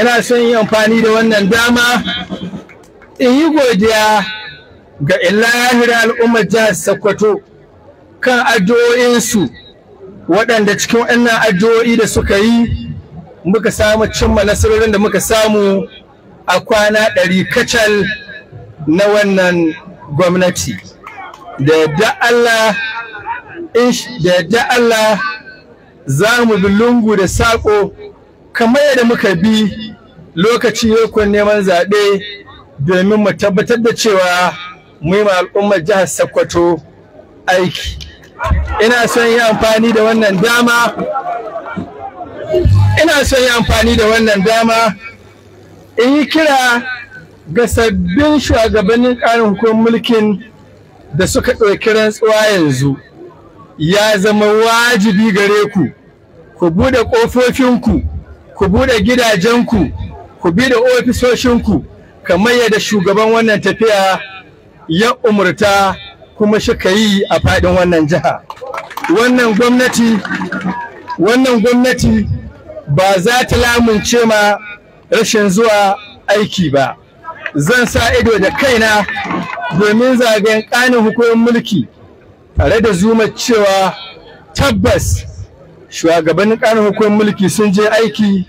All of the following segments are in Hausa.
ina son yi amfani da wannan dama in yi godiya ga ilahira al'ummar jihar Sokoto kan addu'o'insu waɗanda cikin wannan addu'o'i da suka yi muka samu cimma nasarorin da muka samu a kwana ɗari kacal na wannan gwamnati da yadda Allah da yadda Allah za mu bi lungu da saƙo kamar yadda muka bi lokaci yakon neman zaɓe domin mu tabbatar da cewa mu yi al'ummar jihar Sokoto aiki. Ina son yi amfani da wannan dama ina son yi amfani da wannan dama in yi kira ga sabbin shugabannin ƙarin hukumar mulkin da suka ɗauki rantsuwa yanzu ya zama wajibi gare ku ku buɗe ƙofofinku ku bude gidajenku ku bi da ofisoshinku kamar yadda shugaban wannan tafiya ya umurta kuma shika yi a faɗin wannan jiha wannan gwamnati wannan gwamnati ba za ta lamunce ma rashin zuwa aiki ba zan sa ido da kaina domin zagayen ƙanin hukumar mulki tare da zuma cewa tabbas shugabannin ƙanin hukumar mulki sun je aiki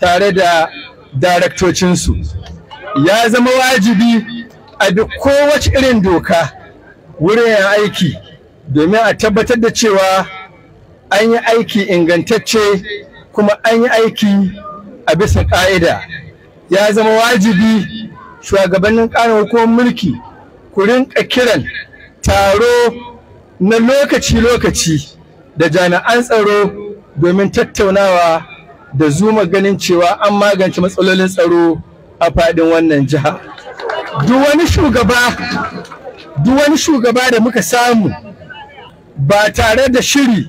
tare da daraktocinsu ya zama wajibi a duk kowace irin doka wurin aiki domin a tabbatar da cewa an yi aiki ingantacce kuma an yi aiki a bisa ƙa'ida ya zama wajibi shugabannin ƙarin hukumar mulki ku rinka kiran taro na lokaci-lokaci da jami'an tsaro domin tattaunawa da zuma ganin cewa an magance matsalolin tsaro a faɗin wannan jiha duk wani shugaba duk wani shugaba da muka samu ba tare da shiri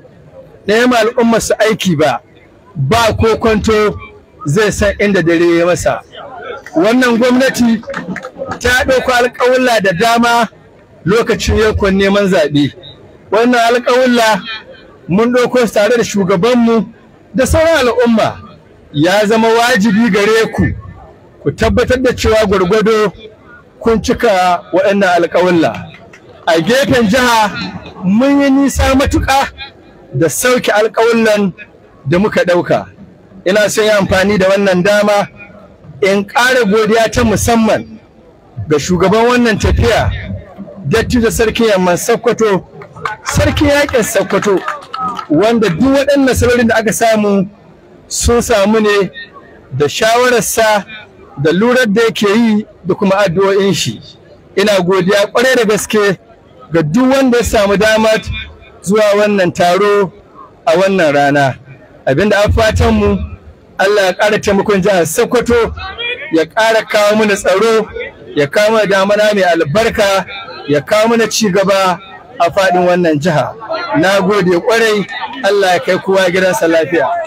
na yamma al'umma su aiki ba ba ko kwanto zai san inda dare ya masa wannan gwamnati ta ɗauko alƙawulla da dama lokacin yakon neman zaɓe wannan alƙawulla mun ɗauko tare da shugabanmu da sauran al'umma ya zama wajibi gare ku ku tabbatar da cewa gwargwado kun cika waɗannan alƙawalla a gefen jiha mun yi nisa matuƙa da sauke alƙawallan da muka ɗauka ina son yi amfani da wannan dama in ƙara godiya ta musamman ga shugaban wannan tafiya dattijo sarkin yamman sakkwato sarkin yaƙin sakkwato wanda duk waɗannan nasarorin da aka samu sun samu ne da shawararsa da lurar da yake yi da kuma addu'o'in shi ina godiya kwarai da gaske ga duk wanda ya samu dama zuwa wannan taro a wannan rana abinda an fatan mu Allah ya ƙara taimakon jihar Sokoto ya ƙara kawo mana tsaro ya kawo mana damana mai albarka ya kawo mana ci gaba a faɗin wannan jiha na gode kwarai Allah ya kai kowa gidansa lafiya